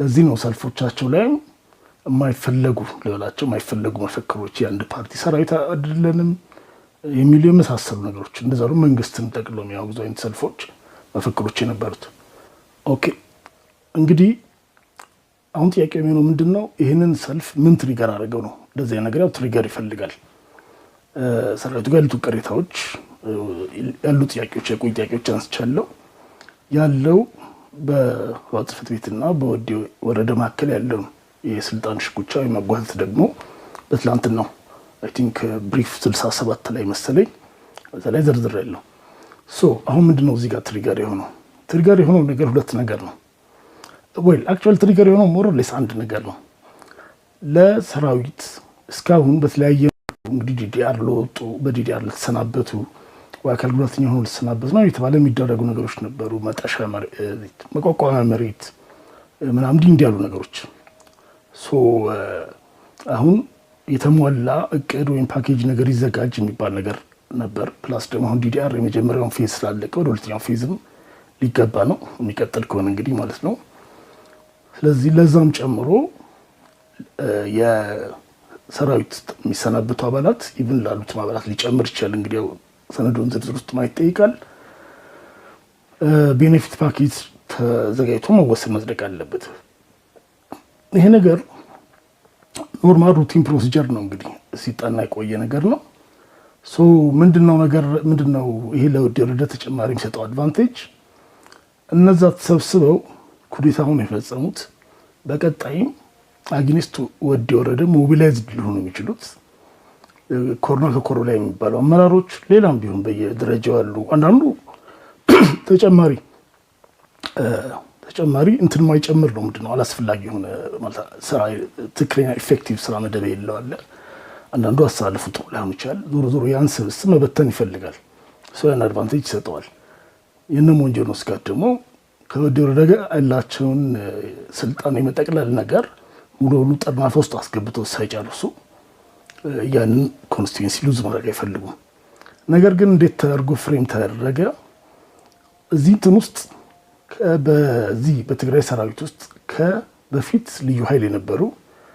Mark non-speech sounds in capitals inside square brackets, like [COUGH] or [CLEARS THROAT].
ለዚህ ነው ሰልፎቻቸው ላይም የማይፈለጉ ልበላቸው የማይፈለጉ መፈክሮች የአንድ ፓርቲ ሰራዊት አይደለንም የሚሉ የመሳሰሉ ነገሮች እንደዛ መንግስትን ጠቅሎ የሚያወግዙ አይነት ሰልፎች መፈክሮች የነበሩት። ኦኬ እንግዲህ አሁን ጥያቄ የሚሆነው ምንድን ነው? ይህንን ሰልፍ ምን ትሪገር አድርገው ነው እንደዚያ ነገር ያው ትሪገር ይፈልጋል። ሰራዊቱ ጋር ያሉት ቅሬታዎች ያሉ ጥያቄዎች፣ የቆዩ ጥያቄዎች አንስቻለሁ ያለው በህወሓት ጽህፈት ቤትና በወዲ ወረዳ መካከል ያለው የስልጣን ሽኩቻ መጓዘት ደግሞ በትላንትናው አይ ቲንክ ብሪፍ 67 ላይ መሰለኝ እዛ ላይ ዝርዝር ያለው ሶ አሁን ምንድነው እዚህ ጋር ትሪገር የሆነው ትሪገር የሆነው ነገር ሁለት ነገር ነው ወይ አክቹዋል ትሪገር የሆነው ሞር ሌስ አንድ ነገር ነው ለሰራዊት እስካሁን በተለያየ እንግዲህ ዲዲአር ለወጡ በዲዲአር ለተሰናበቱ በአካል ጉዳተኛ ሆኖ ልሰናበት ነው የተባለ የሚደረጉ ነገሮች ነበሩ። መጠሻ መሬት፣ መቋቋሚያ መሬት ምናምን እንዲህ እንዲህ ያሉ ነገሮች አሁን የተሟላ እቅድ ወይም ፓኬጅ ነገር ይዘጋጅ የሚባል ነገር ነበር። ፕላስ ደግሞ አሁን ዲዲአር የመጀመሪያውን ፌዝ ስላለቀ ወደ ሁለተኛው ፌዝም ሊገባ ነው የሚቀጥል ከሆነ እንግዲህ ማለት ነው። ስለዚህ ለዛም ጨምሮ የሰራዊት የሚሰናበቱ አባላት ኢቭን ላሉትም አባላት ሊጨምር ይችላል እንግዲህ ሰነዱን ዝርዝር ውስጥ ማየት ይጠይቃል። ቤኔፊት ፓኬጅ ተዘጋጅቶ መወሰን መጽደቅ አለበት። ይሄ ነገር ኖርማል ሩቲን ፕሮሲጀር ነው እንግዲህ ሲጠና የቆየ ነገር ነው። ሶ ምንድነው ነገር ምንድነው ይሄ ለወደረደ ተጨማሪ የሚሰጠው አድቫንቴጅ እነዛ ተሰብስበው ኩዴታውን የፈጸሙት በቀጣይም አግኒስት ወዲ ወረደ ሞቢላይዝድ ሊሆኑ የሚችሉት ኮርኖ ከኮሮ ላይ የሚባለው አመራሮች፣ ሌላም ቢሆን በየደረጃው ያሉ አንዳንዱ [CLEARS THROAT] ተጨማሪ ተጨማሪ እንትን ማይጨምር ነው ምንድነው አላስፈላጊ የሆነ ስራ ትክክለኛ ኢፌክቲቭ ስራ መደብ የለዋለ አንዳንዱ አሳልፉ ጥሩ ላይሆን ይችላል። ዞሮ ዞሮ ያን ስብስብ መበተን ይፈልጋል። ሰው ያን አድቫንቴጅ ይሰጠዋል። የነ ወንጀል ጋር ደግሞ ከወደሩ ነገር ያላቸውን ስልጣን የመጠቅለል ነገር ሙሉ ሁሉ ጠርናፈ ውስጥ አስገብተው ሳይጨርሱ ያንን ኮንስቲቱንሲ ሉዝ ማድረግ አይፈልጉም። ነገር ግን እንዴት ተደርጎ ፍሬም ተደረገ? እዚህ እንትን ውስጥ በዚህ በትግራይ ሰራዊት ውስጥ ከበፊት ልዩ ኃይል የነበሩ